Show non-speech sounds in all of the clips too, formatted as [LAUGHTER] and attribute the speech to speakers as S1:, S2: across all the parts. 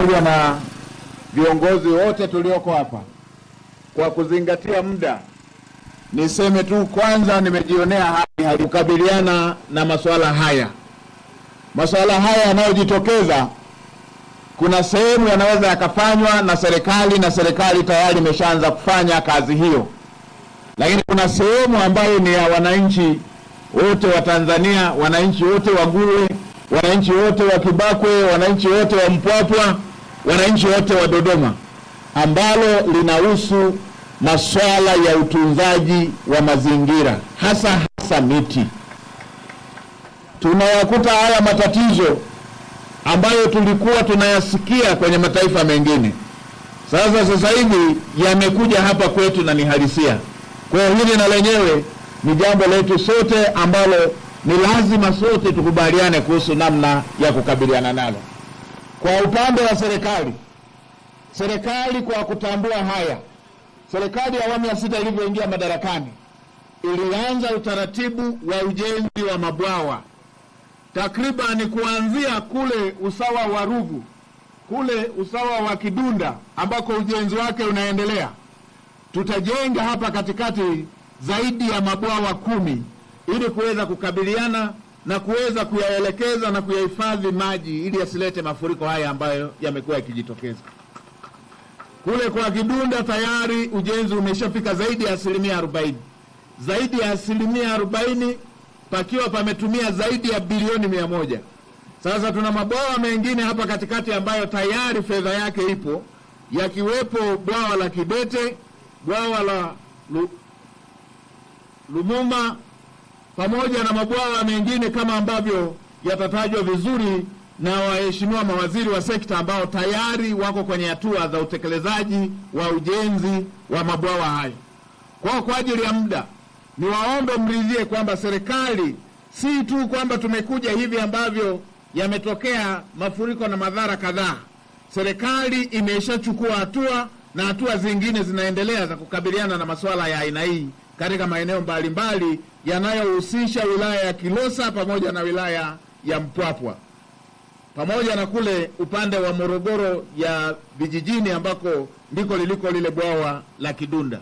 S1: pamoja na viongozi wote tulioko hapa, kwa kuzingatia muda, niseme tu kwanza, nimejionea hali kukabiliana na masuala haya. Masuala haya yanayojitokeza, kuna sehemu yanaweza yakafanywa na serikali na serikali tayari imeshaanza kufanya kazi hiyo, lakini kuna sehemu ambayo ni ya wananchi wote wa Tanzania, wananchi wote wa Gulwe, wananchi wote wa Kibakwe, wananchi wote wa Mpwapwa wananchi wote wa Dodoma ambalo linahusu masuala ya utunzaji wa mazingira hasa hasa miti. Tunayakuta haya matatizo ambayo tulikuwa tunayasikia kwenye mataifa mengine, sasa sasa hivi yamekuja hapa kwetu na ni halisia. Kwa hiyo hili na lenyewe ni jambo letu sote ambalo ni lazima sote tukubaliane kuhusu namna ya kukabiliana nalo. Kwa upande wa serikali, serikali kwa kutambua haya, serikali ya awamu ya sita ilivyoingia madarakani ilianza utaratibu wa ujenzi wa mabwawa takribani kuanzia kule usawa wa Ruvu kule usawa wa Kidunda ambako ujenzi wake unaendelea. Tutajenga hapa katikati zaidi ya mabwawa kumi ili kuweza kukabiliana na kuweza kuyaelekeza na kuyahifadhi maji ili yasilete mafuriko haya ambayo yamekuwa yakijitokeza. Kule kwa Kidunda tayari ujenzi umeshafika zaidi ya asilimia arobaini, zaidi ya asilimia arobaini pakiwa pametumia zaidi ya bilioni mia moja. Sasa tuna mabwawa mengine hapa katikati ambayo tayari fedha yake ipo, yakiwepo bwawa la Kidete, bwawa la Lumuma pamoja na mabwawa mengine kama ambavyo yatatajwa vizuri na waheshimiwa mawaziri wa sekta ambao tayari wako kwenye hatua za utekelezaji wa ujenzi wa mabwawa hayo. Kwao kwa ajili ya muda, niwaombe mridhie kwamba serikali si tu kwamba tumekuja hivi ambavyo yametokea mafuriko na madhara kadhaa, serikali imeshachukua hatua na hatua zingine zinaendelea za kukabiliana na masuala ya aina hii katika maeneo mbalimbali yanayohusisha wilaya ya Kilosa pamoja na wilaya ya Mpwapwa pamoja na kule upande wa Morogoro ya vijijini ambako ndiko liliko lile bwawa la Kidunda.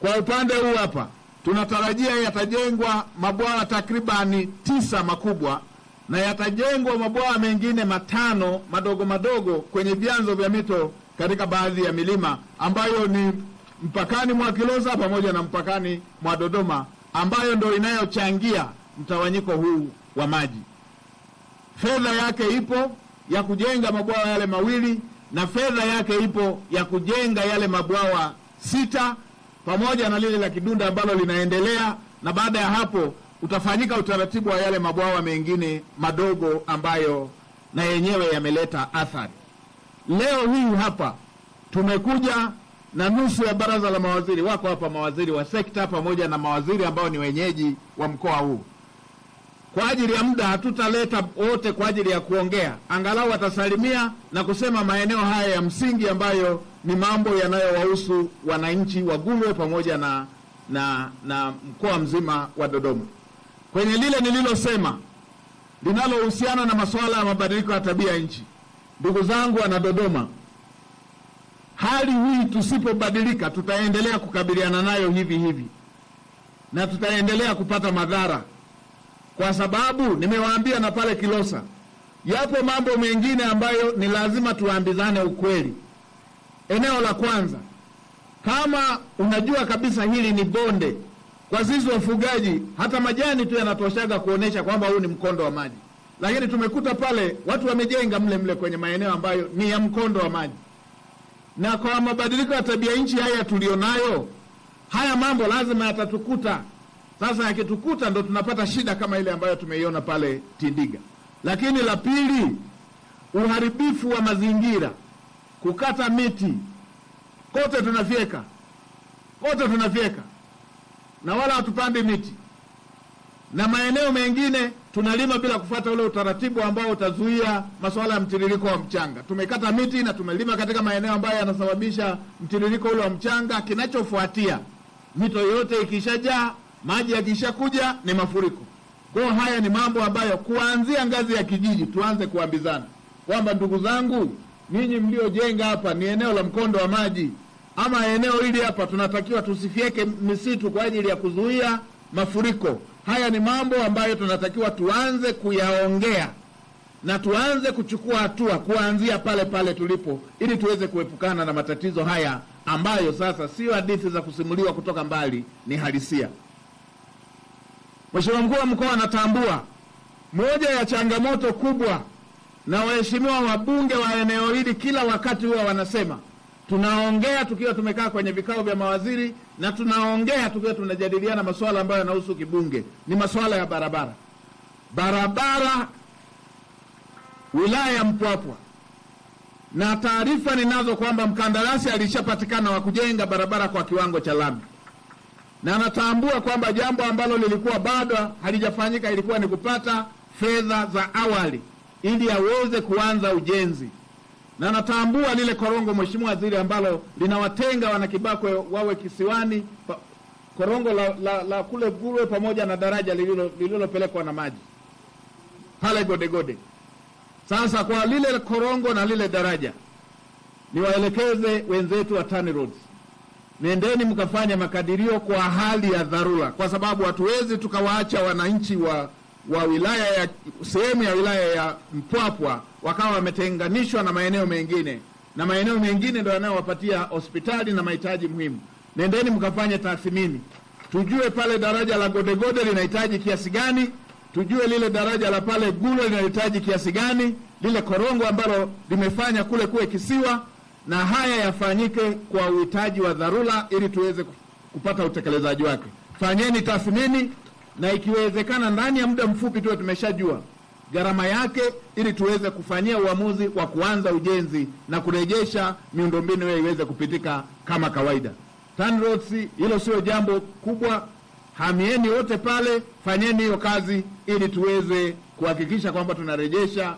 S1: Kwa upande huu hapa tunatarajia yatajengwa mabwawa takribani tisa makubwa na yatajengwa mabwawa mengine matano madogo madogo kwenye vyanzo vya mito katika baadhi ya milima ambayo ni mpakani mwa Kilosa pamoja na mpakani mwa Dodoma, ambayo ndio inayochangia mtawanyiko huu wa maji. Fedha yake ipo ya kujenga mabwawa yale mawili na fedha yake ipo ya kujenga yale mabwawa sita pamoja na lile la Kidunda ambalo linaendelea, na baada ya hapo utafanyika utaratibu wa yale mabwawa mengine madogo ambayo na yenyewe yameleta athari. Leo hii hapa tumekuja na nusu ya baraza la mawaziri. Wako hapa mawaziri wa sekta pamoja na mawaziri ambao ni wenyeji wa mkoa huu. Kwa ajili ya muda, hatutaleta wote kwa ajili ya kuongea, angalau watasalimia na kusema maeneo haya ya msingi ambayo ni mambo yanayowahusu wananchi wa Gulwe pamoja na, na, na mkoa mzima wa Dodoma. Kwenye lile nililosema linalohusiana na masuala ya mabadiliko ya tabia nchi, ndugu zangu wana Dodoma Hali hii tusipobadilika, tutaendelea kukabiliana nayo hivi hivi na tutaendelea kupata madhara, kwa sababu nimewaambia na pale Kilosa, yapo mambo mengine ambayo ni lazima tuambizane ukweli. Eneo la kwanza, kama unajua kabisa hili ni bonde, kwa sisi wafugaji hata majani tu yanatoshaga kuonyesha kwamba huu ni mkondo wa maji, lakini tumekuta pale watu wamejenga mle mle kwenye maeneo ambayo ni ya mkondo wa maji na kwa mabadiliko ya tabia nchi haya tuliyonayo, haya mambo lazima yatatukuta. Sasa yakitukuta, ndo tunapata shida kama ile ambayo tumeiona pale Tindiga. Lakini la pili, uharibifu wa mazingira, kukata miti kote, tunafyeka kote, tunafyeka na wala hatupandi miti na maeneo mengine tunalima bila kufuata ule utaratibu ambao utazuia masuala ya mtiririko wa mchanga. Tumekata miti na tumelima katika maeneo ambayo yanasababisha mtiririko ule wa mchanga. Kinachofuatia, mito yote ikishajaa maji, yakishakuja ni mafuriko. Kwa hiyo haya ni mambo ambayo kuanzia ngazi ya kijiji tuanze kuambizana kwamba, ndugu zangu, ninyi mliojenga hapa ni eneo la mkondo wa maji ama eneo hili hapa tunatakiwa tusifyeke misitu kwa ajili ya kuzuia mafuriko. Haya ni mambo ambayo tunatakiwa tuanze kuyaongea na tuanze kuchukua hatua kuanzia pale pale tulipo, ili tuweze kuepukana na matatizo haya ambayo sasa sio hadithi za kusimuliwa kutoka mbali, ni halisia. Mheshimiwa mkuu wa mkoa anatambua moja ya changamoto kubwa, na waheshimiwa wabunge wa eneo hili kila wakati huwa wanasema tunaongea tukiwa tumekaa kwenye vikao vya mawaziri na tunaongea tukiwa tunajadiliana masuala ambayo yanahusu kibunge. Ni masuala ya barabara, barabara wilaya ya Mpwapwa, na taarifa ninazo kwamba mkandarasi alishapatikana wa kujenga barabara kwa kiwango cha lami, na natambua kwamba jambo ambalo lilikuwa bado halijafanyika ilikuwa ni kupata fedha za awali ili aweze kuanza ujenzi na natambua lile korongo, Mheshimiwa Waziri, ambalo linawatenga wanakibakwe wawe kisiwani pa, korongo la, la, la kule Gulwe pamoja na daraja lililopelekwa na maji pale Godegode. Sasa kwa lile korongo na lile daraja, niwaelekeze wenzetu wa TANROADS, nendeni mkafanye makadirio kwa hali ya dharura, kwa sababu hatuwezi tukawaacha wananchi wa wa wilaya ya sehemu ya wilaya ya Mpwapwa wakawa wametenganishwa na maeneo mengine, na maeneo mengine ndio yanayowapatia hospitali na mahitaji muhimu. Nendeni mkafanye tathmini, tujue pale daraja la Godegode linahitaji kiasi gani, tujue lile daraja la pale Gulo linahitaji kiasi gani, lile korongo ambalo limefanya kule kuwe kisiwa, na haya yafanyike kwa uhitaji wa dharura ili tuweze kupata utekelezaji wake. Fanyeni tathmini na ikiwezekana ndani ya muda mfupi tuwe tumeshajua gharama yake, ili tuweze kufanyia uamuzi wa kuanza ujenzi na kurejesha miundombinu hiyo iweze kupitika kama kawaida. TANROADS, hilo sio jambo kubwa. Hamieni wote pale, fanyeni hiyo kazi ili tuweze kuhakikisha kwamba tunarejesha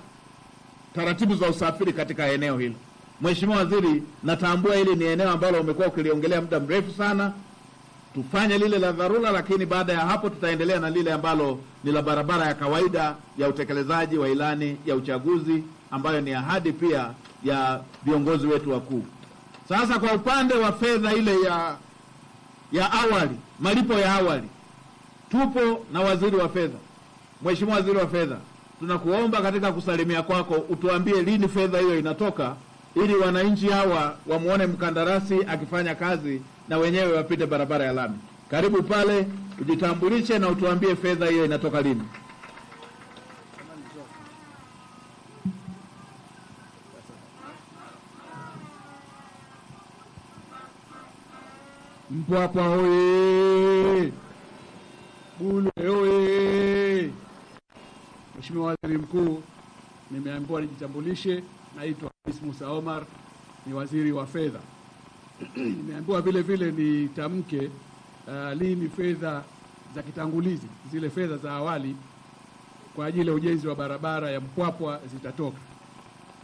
S1: taratibu za usafiri katika eneo hilo. Mheshimiwa Waziri, natambua hili ni eneo ambalo umekuwa ukiliongelea muda mrefu sana tufanye lile la dharura, lakini baada ya hapo tutaendelea na lile ambalo ni la barabara ya kawaida ya utekelezaji wa ilani ya uchaguzi ambayo ni ahadi pia ya viongozi wetu wakuu. Sasa kwa upande wa fedha ile ya ya awali, malipo ya awali, tupo na waziri wa fedha. Mheshimiwa Waziri wa Fedha, tunakuomba katika kusalimia kwako utuambie lini fedha hiyo inatoka, ili wananchi hawa wamwone mkandarasi akifanya kazi na wenyewe wapite barabara ya lami. Karibu pale ujitambulishe na utuambie fedha hiyo inatoka lini. Mpwapwa hoye! Bule hoye! Mheshimiwa Waziri Mkuu, nimeambiwa nijitambulishe. Naitwa Hamis Musa Omar, ni waziri wa fedha. [CLEARS THROAT] imeambiwa vile vile tamke uh, lini fedha za kitangulizi zile fedha za awali kwa ajili ya ujenzi wa barabara ya Mpwapwa zitatoka.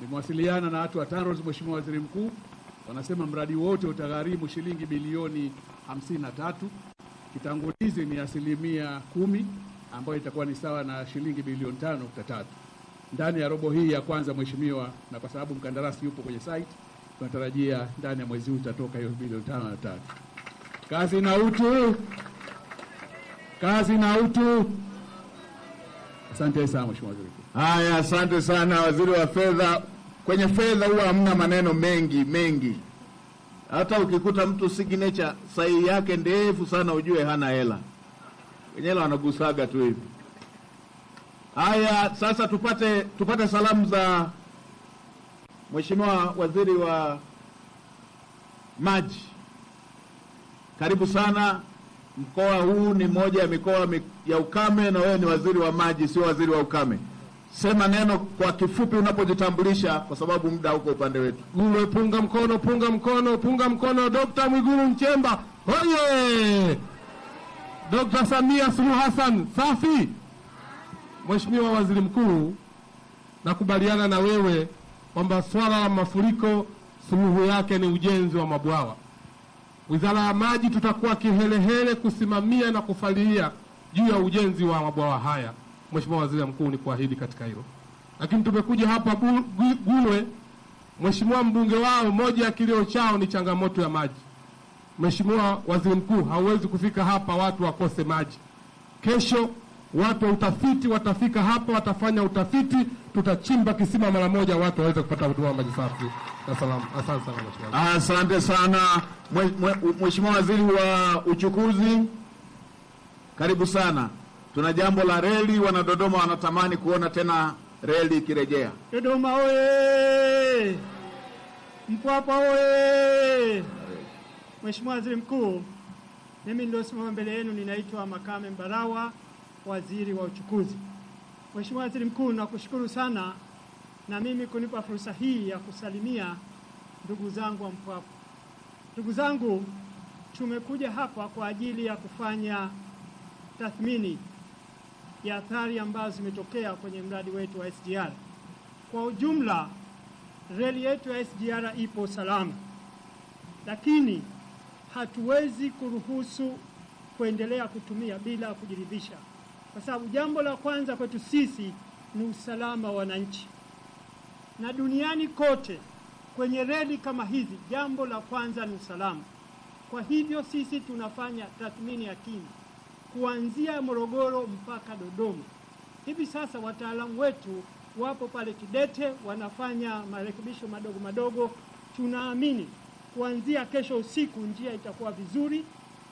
S1: Nimewasiliana na watu wa TANROADS, Mheshimiwa Waziri Mkuu, wanasema mradi wote utagharimu shilingi bilioni 53. Kitangulizi ni asilimia kumi ambayo itakuwa ni sawa na shilingi bilioni 5.3 ndani ya robo hii ya kwanza, Mheshimiwa, na kwa sababu mkandarasi yupo kwenye site tunatarajia ndani ya mwezi huu tutatoka hiyo bilioni tano na tatu. Kazi na utu, kazi na utu. Asante sana mheshimiwa waziri. Haya, asante sana waziri wa fedha. Kwenye fedha huwa hamna maneno mengi mengi, hata ukikuta mtu signature sahihi yake ndefu sana, ujue hana hela, hela wanagusaga tu hivi. Haya, sasa tupate tupate salamu za Mheshimiwa Waziri wa Maji, karibu sana. Mkoa huu ni moja ya mikoa ya ukame, na wewe ni waziri wa maji, sio waziri wa ukame. Sema neno kwa kifupi unapojitambulisha, kwa sababu muda uko upande wetu. Gule punga mkono, punga mkono, punga mkono. Dr. Mwigulu Nchemba hoye Dr. Samia Suluhu Hassan safi. Mheshimiwa Waziri Mkuu, nakubaliana na wewe kwamba swala la mafuriko suluhu yake ni ujenzi wa mabwawa. Wizara ya Maji tutakuwa kihelehele kusimamia na kufuatilia juu ya ujenzi wa mabwawa haya. Mheshimiwa Waziri Mkuu, ni kuahidi katika hilo. Lakini tumekuja hapa Gulwe, Mheshimiwa mbunge wao, moja ya kilio chao ni changamoto ya maji. Mheshimiwa Waziri Mkuu, hauwezi kufika hapa watu wakose maji kesho watu wa utafiti, watafika hapa, watafanya utafiti, tutachimba kisima mara moja, watu waweze kupata huduma ya maji safi na salama. Asante sana, asante sana Mheshimiwa Waziri wa Uchukuzi, karibu sana. Tuna jambo la reli, wanadodoma wanatamani kuona tena reli ikirejea. Dodoma oye! Mpwapwa oye! Mheshimiwa Waziri Mkuu, mimi niliosimama mbele yenu ninaitwa Makame Mbarawa waziri wa uchukuzi. Mheshimiwa Waziri Mkuu, nakushukuru sana na mimi kunipa fursa hii ya kusalimia ndugu zangu wa Mpwapwa. Ndugu zangu, tumekuja hapa kwa ajili ya kufanya tathmini ya athari ambazo zimetokea kwenye mradi wetu wa SGR. Kwa ujumla, reli yetu ya SGR ipo salama, lakini hatuwezi kuruhusu kuendelea kutumia bila kujiridhisha kwa sababu jambo la kwanza kwetu sisi ni usalama wa wananchi, na duniani kote kwenye reli kama hizi jambo la kwanza ni usalama. Kwa hivyo sisi tunafanya tathmini ya kina kuanzia Morogoro mpaka Dodoma. Hivi sasa wataalamu wetu wapo pale Kidete wanafanya marekebisho madogo madogo. Tunaamini kuanzia kesho usiku njia itakuwa vizuri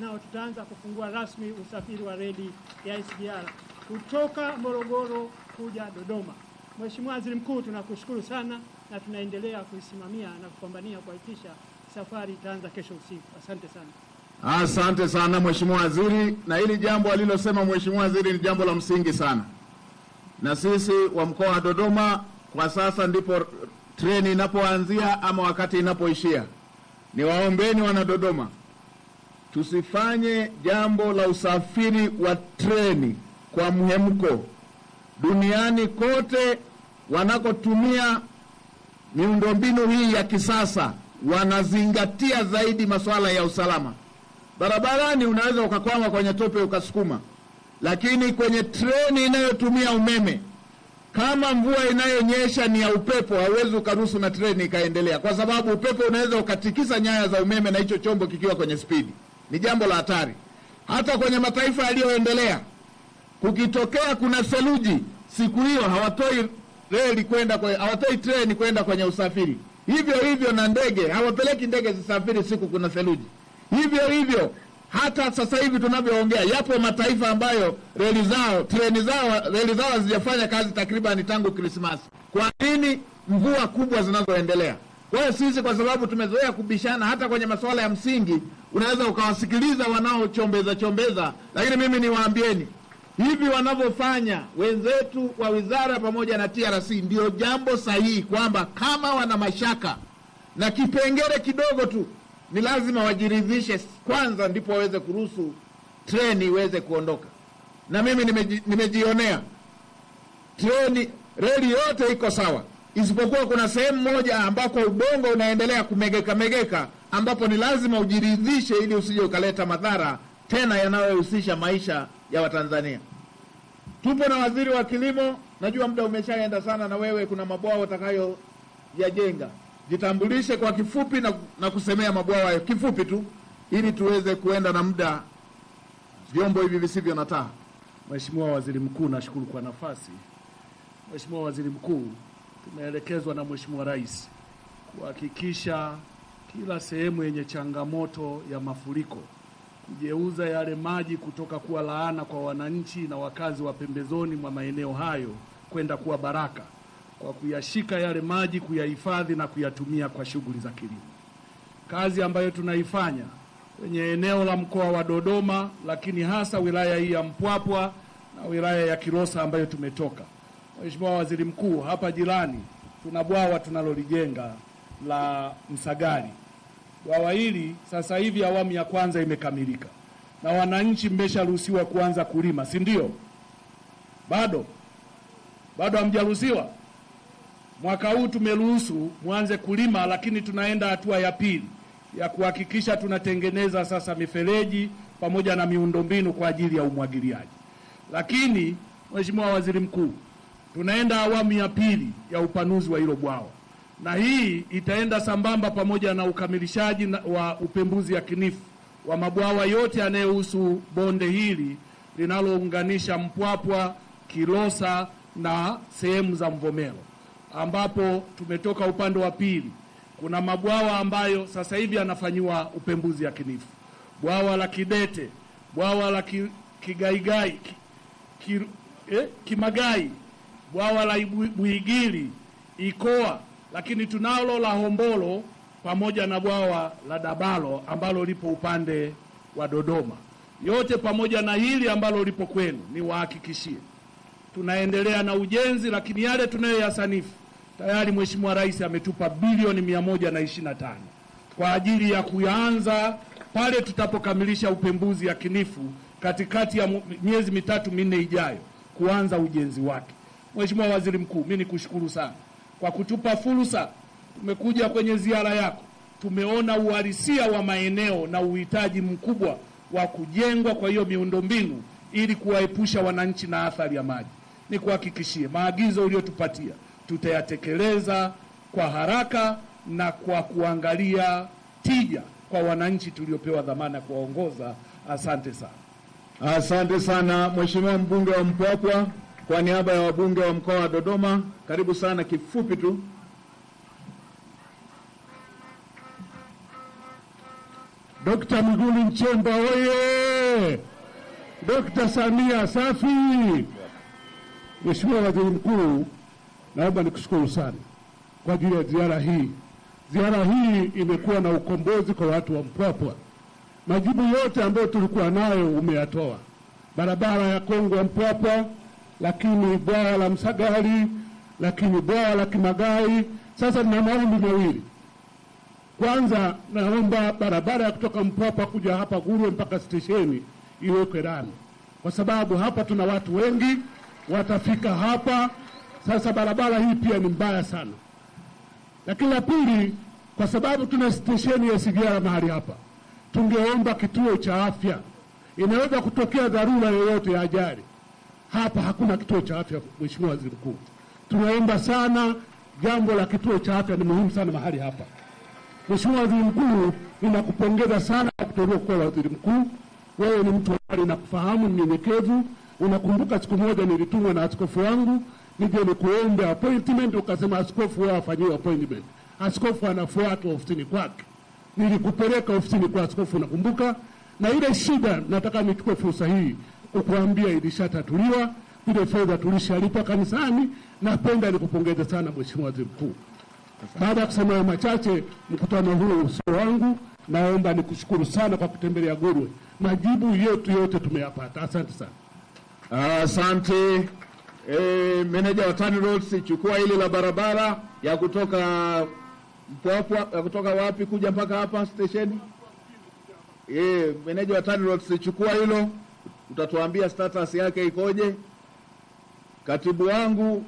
S1: nao tutaanza kufungua rasmi usafiri wa reli ya SGR kutoka Morogoro kuja Dodoma. Mheshimiwa Waziri Mkuu, tunakushukuru sana na tunaendelea kuisimamia na kupambania kuhakikisha safari itaanza kesho usiku. Asante sana. Asante sana Mheshimiwa Waziri, na hili jambo alilosema Mheshimiwa Waziri ni jambo la msingi sana, na sisi wa mkoa wa Dodoma kwa sasa ndipo treni inapoanzia ama wakati inapoishia. Niwaombeni wana Dodoma Tusifanye jambo la usafiri wa treni kwa mhemko. Duniani kote wanakotumia miundombinu hii ya kisasa wanazingatia zaidi masuala ya usalama. Barabarani unaweza ukakwama kwenye tope ukasukuma, lakini kwenye treni inayotumia umeme, kama mvua inayonyesha ni ya upepo, hauwezi ukaruhusu na treni ikaendelea, kwa sababu upepo unaweza ukatikisa nyaya za umeme na hicho chombo kikiwa kwenye spidi ni jambo la hatari. Hata kwenye mataifa yaliyoendelea kukitokea kuna seluji, siku hiyo hawatoi reli kwenda kwe, hawatoi treni kwenda kwenye usafiri. Hivyo hivyo na ndege, hawapeleki ndege zisafiri siku kuna seluji. Hivyo hivyo hata sasa hivi tunavyoongea, yapo mataifa ambayo reli zao treni zao reli zao hazijafanya kazi takribani tangu Krismasi. Kwa nini? Mvua kubwa zinazoendelea. Kwa hiyo sisi, kwa sababu tumezoea kubishana hata kwenye masuala ya msingi, unaweza ukawasikiliza wanaochombeza chombeza, lakini mimi niwaambieni hivi wanavyofanya wenzetu wa wizara pamoja na TRC ndiyo jambo sahihi, kwamba kama wana mashaka na kipengele kidogo tu ni lazima wajiridhishe kwanza, ndipo waweze kuruhusu treni iweze kuondoka. Na mimi nimeji, nimejionea treni, reli yote iko sawa isipokuwa kuna sehemu moja ambako udongo unaendelea kumegeka megeka, ambapo ni lazima ujiridhishe ili usije ukaleta madhara tena yanayohusisha maisha ya Watanzania. Tupo na waziri wa kilimo, najua muda umeshaenda sana, na wewe kuna mabwawa utakayoyajenga. Jitambulishe kwa kifupi na, na kusemea mabwawa hayo kifupi tu, ili tuweze kuenda na muda vyombo hivi visivyo na taa. Mheshimiwa Waziri Mkuu, nashukuru kwa nafasi. Mheshimiwa Waziri Mkuu, tumeelekezwa na Mheshimiwa Rais kuhakikisha kila sehemu yenye changamoto ya mafuriko kugeuza yale maji kutoka kuwa laana kwa wananchi na wakazi wa pembezoni mwa maeneo hayo kwenda kuwa baraka kwa kuyashika yale maji, kuyahifadhi na kuyatumia kwa shughuli za kilimo. Kazi ambayo tunaifanya kwenye eneo la mkoa wa Dodoma, lakini hasa wilaya hii ya Mpwapwa na wilaya ya Kilosa ambayo tumetoka. Mheshimiwa Waziri Mkuu, hapa jirani tuna bwawa tunalolijenga la Msagari. Bwawa hili sasa hivi awamu ya kwanza imekamilika na wananchi mmesharuhusiwa kuanza kulima, si ndio? Bado bado hamjaruhusiwa? Mwaka huu tumeruhusu mwanze kulima, lakini tunaenda hatua ya pili ya kuhakikisha tunatengeneza sasa mifereji pamoja na miundombinu kwa ajili ya umwagiliaji. Lakini Mheshimiwa Waziri Mkuu Tunaenda awamu ya pili ya upanuzi wa hilo bwawa, na hii itaenda sambamba pamoja na ukamilishaji wa upembuzi yakinifu wa mabwawa yote yanayohusu bonde hili linalounganisha Mpwapwa, Kilosa na sehemu za Mvomero, ambapo tumetoka upande wa pili. Kuna mabwawa ambayo sasa hivi yanafanyiwa upembuzi yakinifu: bwawa la Kidete, bwawa la Kigaigai, eh, Kimagai bwawa la Buigili, Ikoa, lakini tunalo la Hombolo pamoja na bwawa la Dabalo ambalo lipo upande wa Dodoma. Yote pamoja na hili ambalo lipo kwenu, niwahakikishie tunaendelea na ujenzi, lakini yale tunayoyasanifu tayari Mheshimiwa Rais ametupa bilioni tano kwa ajili ya kuyaanza pale tutapokamilisha upembuzi yakinifu katikati ya miezi mitatu minne ijayo kuanza ujenzi wake. Mheshimiwa Waziri Mkuu, mi nikushukuru sana kwa kutupa fursa. Tumekuja kwenye ziara yako, tumeona uhalisia wa maeneo na uhitaji mkubwa wa kujengwa kwa hiyo miundombinu ili kuwaepusha wananchi na athari ya maji. Nikuhakikishie, maagizo uliyotupatia tutayatekeleza kwa haraka na kwa kuangalia tija kwa wananchi tuliopewa dhamana kuwaongoza. Asante sana, asante sana Mheshimiwa mbunge wa Mpwapwa. Kwa niaba ya wabunge wa mkoa wa Dodoma, karibu sana. Kifupi tu, Dr. Mwigulu Nchemba oye! Dr. Samia safi! Mheshimiwa Waziri Mkuu, naomba nikushukuru sana kwa ajili ya ziara hii. Ziara hii imekuwa na ukombozi kwa watu wa Mpwapwa. Majibu yote ambayo tulikuwa nayo umeyatoa, barabara ya Kongwa Mpwapwa lakini bwawa la Msagali, lakini bwawa la Kimagai. Sasa nina maombi mawili. Kwanza naomba barabara ya kutoka Mpwapwa kuja hapa Gurwe mpaka stesheni iwekwe lami, kwa sababu hapa tuna watu wengi watafika hapa. Sasa barabara hii pia ni mbaya sana. Lakini la pili, kwa sababu tuna stesheni ya sigara mahali hapa, tungeomba kituo cha afya, inaweza kutokea dharura yoyote ya ajali hapa hakuna kituo cha afya. Mheshimiwa Waziri Mkuu, tunaomba sana, jambo la kituo cha afya ni muhimu sana mahali hapa. Mheshimiwa Waziri Mkuu, ninakupongeza sana kwa kuteuliwa kuwa waziri mkuu. Wewe ni mtu ambaye nakufahamu, mnyenyekevu. Unakumbuka siku moja nilitumwa na askofu wangu nije nikuombe appointment, ukasema askofu wewe afanyiwe appointment. Askofu anafuatwa ofisini kwake, nilikupeleka ofisini kwa askofu, nakumbuka. Na ile shida nataka nichukue fursa hii kukuambia ilishatatuliwa. Ile fedha tulishalipa kanisani. Napenda nikupongeze sana Mheshimiwa Waziri Mkuu. Baada ya kusema hayo machache, mkutano huu usio wangu. Naomba nikushukuru sana kwa kutembelea Gurwe. Majibu yetu yote tumeyapata. Asante sana. Asante e, meneja wa TANROADS, chukua hili la barabara ya kutoka Mpwapwa, ya kutoka wapi kuja mpaka hapa stesheni. E, meneja wa TANROADS, chukua hilo utatuambia status yake ikoje. Katibu wangu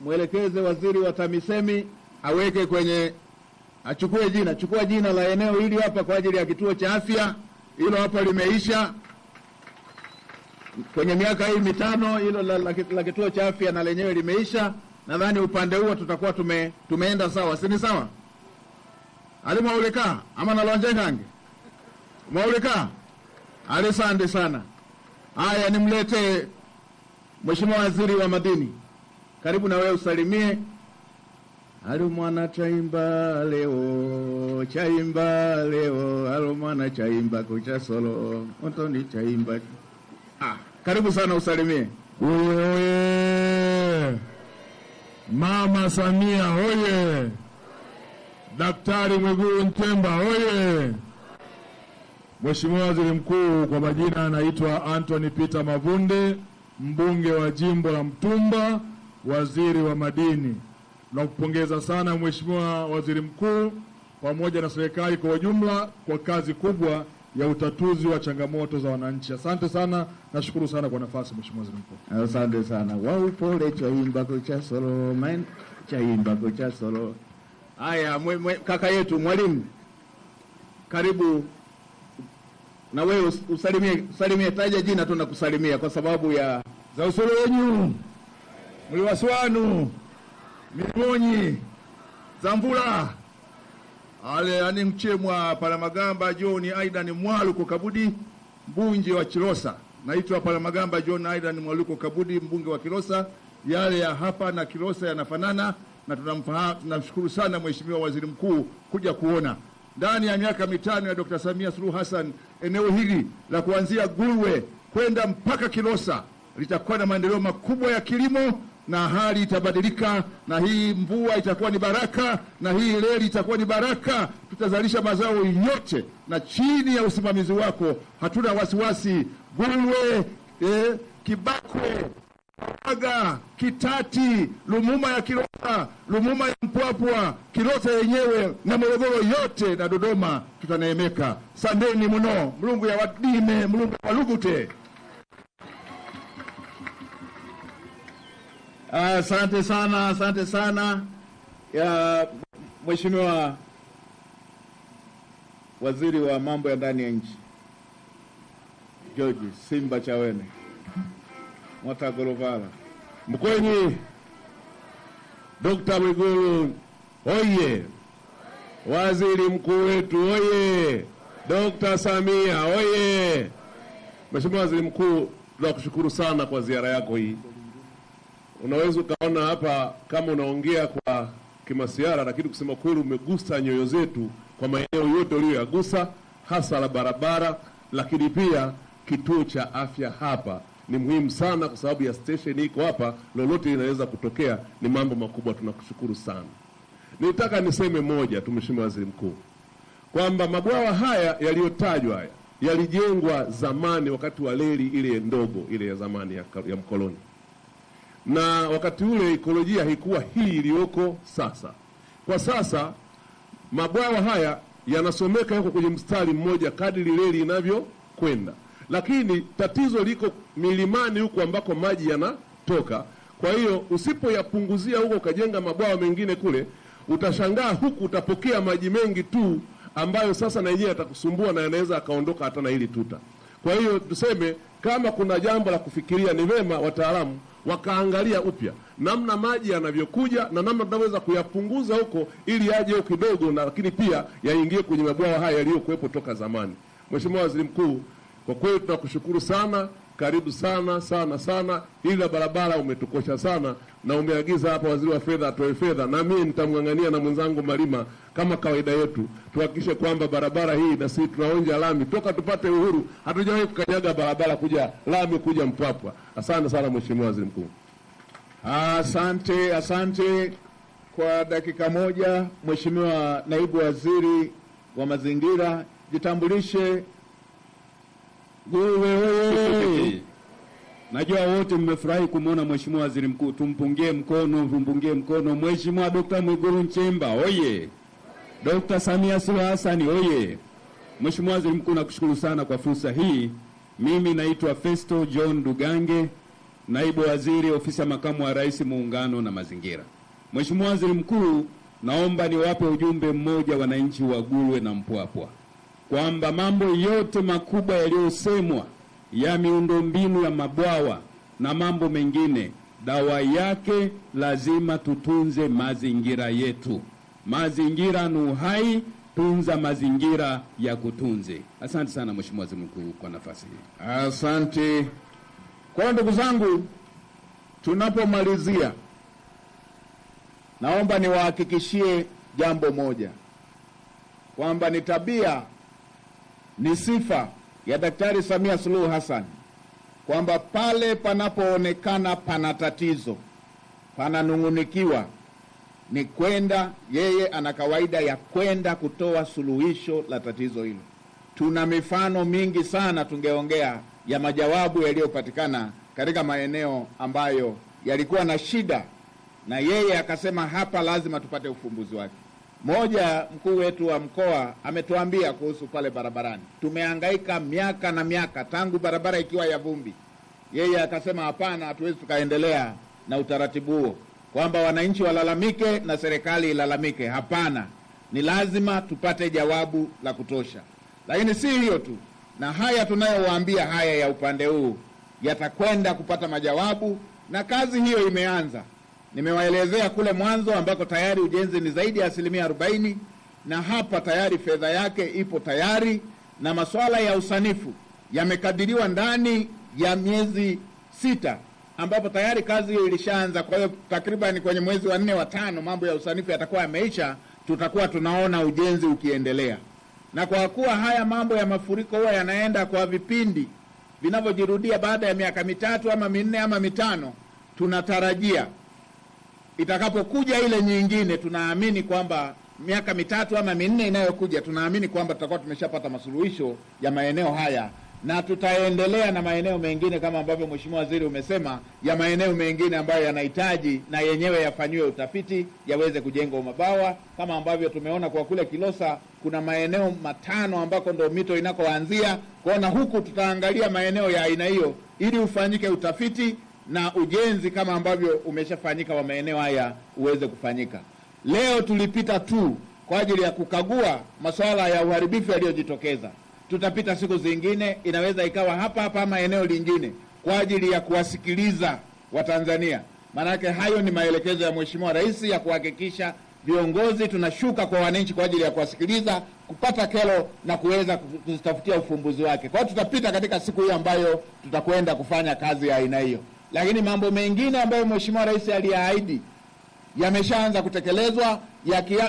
S1: mwelekeze waziri wa TAMISEMI aweke kwenye, achukue jina, chukua jina la eneo hili hapa kwa ajili ya kituo cha afya, hilo hapa limeisha kwenye miaka hii mitano, hilo la, la, la kituo cha afya na lenyewe limeisha. Nadhani upande huo tutakuwa tume, tumeenda sawa, si ni sawa? alimwaulika ama nalonjengange mwaulika alisande sana Haya, nimlete Mheshimiwa Waziri wa Madini, karibu na wewe usalimie. Halo mwana chaimba leo, chaimba leo, halo mwana chaimba kucha solo otoni chaimba. Ah, karibu sana usalimie. Oye oye, Mama Samia oye, Daktari Mwigulu Nchemba oye. Mheshimiwa Waziri Mkuu, kwa majina anaitwa Anthony Peter Mavunde, mbunge wa jimbo la Mtumba, waziri wa madini. Nakupongeza sana Mheshimiwa Waziri Mkuu pamoja na serikali kwa ujumla kwa kazi kubwa ya utatuzi wa changamoto za wananchi. Asante sana, nashukuru sana kwa nafasi Mheshimiwa Waziri Mkuu. Asante sana. Waupole chaimbako cha solo main imba cha solo. Haya, kaka yetu mwalimu, karibu na wewe usalimie, usalimie, taja jina tu nakusalimia kwa sababu ya za usuru wenyu mliwaswanu mimonyi za mvula ale ani mchemwa magamba John Aidan Mwaluko Kabudi mbunge wa Kilosa. Naitwa magamba John Aidan Mwaluko Kabudi mbunge wa Kilosa. Yale ya hapa na Kilosa yanafanana na tunamshukuru sana Mheshimiwa Waziri Mkuu kuja kuona ndani ya miaka mitano ya Dkt. Samia Suluhu Hassan, eneo hili la kuanzia Gulwe kwenda mpaka Kilosa litakuwa na maendeleo makubwa ya kilimo na hali itabadilika, na hii mvua itakuwa ni baraka, na hii reli itakuwa ni baraka. Tutazalisha mazao yote, na chini ya usimamizi wako hatuna wasiwasi. Gulwe eh, Kibakwe Aga Kitati, Lumuma ya Kilosa, Lumuma ya Mpwapwa, Kilosa yenyewe na Morogoro yote na Dodoma tutaneemeka. Sandeni muno Mlungu ya wadime Mlungu ya walugute. Asante uh, sana, asante sana ya Mheshimiwa Waziri wa mambo ya ndani ya nchi George Simba Chawene. Mwatagolovala. Mkwenyi Dkt. Mwigulu oye! Waziri mkuu wetu oye! dokta Samia oye! Mheshimiwa Waziri Mkuu, tunakushukuru sana kwa ziara yako hii. Unaweza ukaona hapa kama unaongea kwa kimasiara, lakini kusema kweli umegusa nyoyo zetu kwa maeneo yote uliyoyagusa, hasa la barabara, lakini pia kituo cha afya hapa ni muhimu sana, kwa sababu ya station iko hapa, lolote linaweza kutokea. Ni mambo makubwa, tunakushukuru sana. Nitaka niseme moja tu, Mheshimiwa Waziri Mkuu, kwamba mabwawa haya yaliyotajwa haya yalijengwa zamani wakati wa reli ile ndogo ile ya zamani ya, ya mkoloni, na wakati ule ekolojia haikuwa hii iliyoko sasa. Kwa sasa mabwawa haya yanasomeka yako kwenye mstari mmoja kadiri reli inavyokwenda lakini tatizo liko milimani huko ambako maji yanatoka. Kwa hiyo usipoyapunguzia huko ukajenga mabwawa mengine kule, utashangaa huku utapokea maji mengi tu ambayo sasa na yenyewe yatakusumbua na yanaweza akaondoka hata na hili tuta. Kwa hiyo tuseme kama kuna jambo la kufikiria, ni vema wataalamu wakaangalia upya namna maji yanavyokuja na namna tunaweza kuyapunguza huko ili yaje kidogo, na lakini pia yaingie kwenye mabwawa haya yaliyokuwepo toka zamani. Mheshimiwa Waziri Mkuu, kwa kweli tunakushukuru sana, karibu sana sana sana. Hili la barabara umetukosha sana, na umeagiza hapa waziri wa fedha atoe fedha, na mimi nitamng'ang'ania na mwenzangu Malima kama kawaida yetu, tuhakikishe kwamba barabara hii, na sisi tunaonja lami toka tupate uhuru, hatujawahi kukanyaga barabara kuja lami kuja Mpwapwa. Asante sana Mheshimiwa Waziri Mkuu. Asante, asante kwa dakika moja. Mheshimiwa Naibu Waziri wa Mazingira, jitambulishe. Ngulwe wewe! Najua wote mmefurahi kumwona Mheshimiwa Waziri Mkuu, tumpungie mkono, tumpungie mkono Mheshimiwa Dkt. Mwigulu Nchemba oye! Dkt. Samia Suluhu Hassan oye! Mheshimiwa Waziri Mkuu, nakushukuru sana kwa fursa hii. Mimi naitwa Festo John Dugange, naibu waziri ofisi ya makamu wa rais muungano na mazingira. Mheshimiwa Waziri Mkuu, naomba niwape ujumbe mmoja wananchi wa Gulwe na Mpwapwa kwamba mambo yote makubwa yaliyosemwa ya miundombinu ya mabwawa na mambo mengine, dawa yake lazima tutunze mazingira yetu. Mazingira ni uhai, tunza mazingira ya kutunze. Asante sana Mheshimiwa Waziri Mkuu kwa nafasi hii, asante. Kwa ndugu zangu, tunapomalizia, naomba niwahakikishie jambo moja kwamba ni tabia ni sifa ya Daktari Samia Suluhu Hassan kwamba pale panapoonekana pana tatizo, pananung'unikiwa, ni kwenda yeye, ana kawaida ya kwenda kutoa suluhisho la tatizo hilo. Tuna mifano mingi sana tungeongea ya majawabu yaliyopatikana katika maeneo ambayo yalikuwa na shida, na yeye akasema hapa lazima tupate ufumbuzi wake. Moja, mkuu wetu wa mkoa ametuambia kuhusu pale barabarani. Tumehangaika miaka na miaka tangu barabara ikiwa ya vumbi, yeye akasema hapana, hatuwezi tukaendelea na utaratibu huo, kwamba wananchi walalamike na serikali ilalamike. Hapana, ni lazima tupate jawabu la kutosha. Lakini si hiyo tu, na haya tunayowaambia haya ya upande huu yatakwenda kupata majawabu, na kazi hiyo imeanza. Nimewaelezea kule mwanzo ambako tayari ujenzi ni zaidi ya asilimia 40 na hapa tayari fedha yake ipo tayari, na masuala ya usanifu yamekadiriwa ndani ya miezi sita, ambapo tayari kazi hiyo ilishaanza. Kwa hiyo takriban kwenye mwezi wa nne wa tano mambo ya usanifu yatakuwa yameisha, tutakuwa tunaona ujenzi ukiendelea. Na kwa kuwa haya mambo ya mafuriko huwa yanaenda kwa vipindi vinavyojirudia baada ya miaka mitatu ama minne ama mitano, tunatarajia itakapokuja ile nyingine, tunaamini kwamba miaka mitatu ama minne inayokuja, tunaamini kwamba tutakuwa tumeshapata masuluhisho ya maeneo haya na tutaendelea na maeneo mengine kama ambavyo Mheshimiwa Waziri umesema, ya maeneo mengine ambayo yanahitaji na yenyewe yafanyiwe utafiti yaweze kujengwa mabawa, kama ambavyo tumeona kwa kule Kilosa kuna maeneo matano ambako ndo mito inakoanzia kuona. Huku tutaangalia maeneo ya aina hiyo, ili ufanyike utafiti na ujenzi kama ambavyo umeshafanyika wa maeneo haya uweze kufanyika. Leo tulipita tu kwa ajili ya kukagua masuala ya uharibifu yaliyojitokeza. Tutapita siku zingine, inaweza ikawa hapa hapa ama eneo lingine, kwa ajili ya kuwasikiliza Watanzania, maanake hayo ni maelekezo ya Mheshimiwa Rais ya kuhakikisha viongozi tunashuka kwa wananchi kwa ajili ya kuwasikiliza, kupata kero na kuweza kuzitafutia ufumbuzi wake. Kwa hiyo tutapita katika siku hii ambayo tutakwenda kufanya kazi ya aina hiyo lakini mambo mengine ambayo Mheshimiwa Rais aliyaahidi yameshaanza kutekelezwa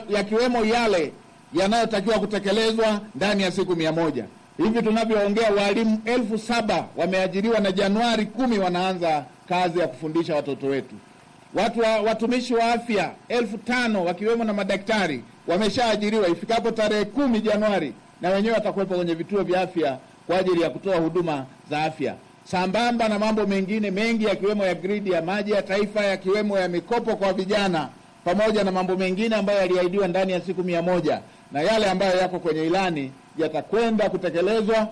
S1: yakiwemo ya yale yanayotakiwa kutekelezwa ndani ya siku mia moja. Hivi tunavyoongea walimu elfu saba wameajiriwa na Januari kumi wanaanza kazi ya kufundisha watoto wetu. Watu wa, watumishi wa afya elfu tano wakiwemo na madaktari wameshaajiriwa ifikapo tarehe kumi Januari, na wenyewe watakuwepo kwenye vituo vya afya kwa ajili ya kutoa huduma za afya sambamba na mambo mengine mengi yakiwemo ya gridi ya maji ya taifa, yakiwemo ya mikopo kwa vijana, pamoja na mambo mengine ambayo yaliahidiwa ndani ya siku mia moja na yale ambayo yako kwenye ilani yatakwenda kutekelezwa.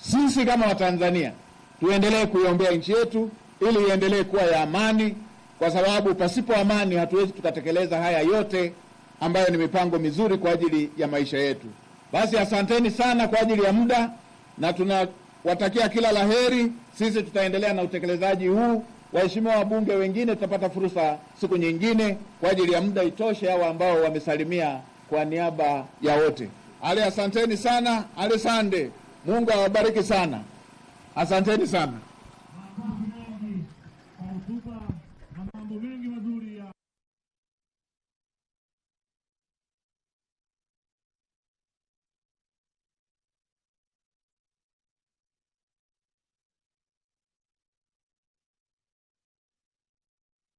S1: Sisi kama Watanzania tuendelee kuiombea nchi yetu ili iendelee kuwa ya amani, kwa sababu pasipo amani hatuwezi tukatekeleza haya yote ambayo ni mipango mizuri kwa ajili ya maisha yetu. Basi asanteni sana kwa ajili ya muda na tuna watakia kila laheri. Sisi tutaendelea na utekelezaji huu. Waheshimiwa wabunge wengine, tutapata fursa siku nyingine kwa ajili ya muda itoshe, hao ambao wamesalimia kwa niaba ya wote. Ale, asanteni sana. Ale sande, Mungu awabariki sana, asanteni sana.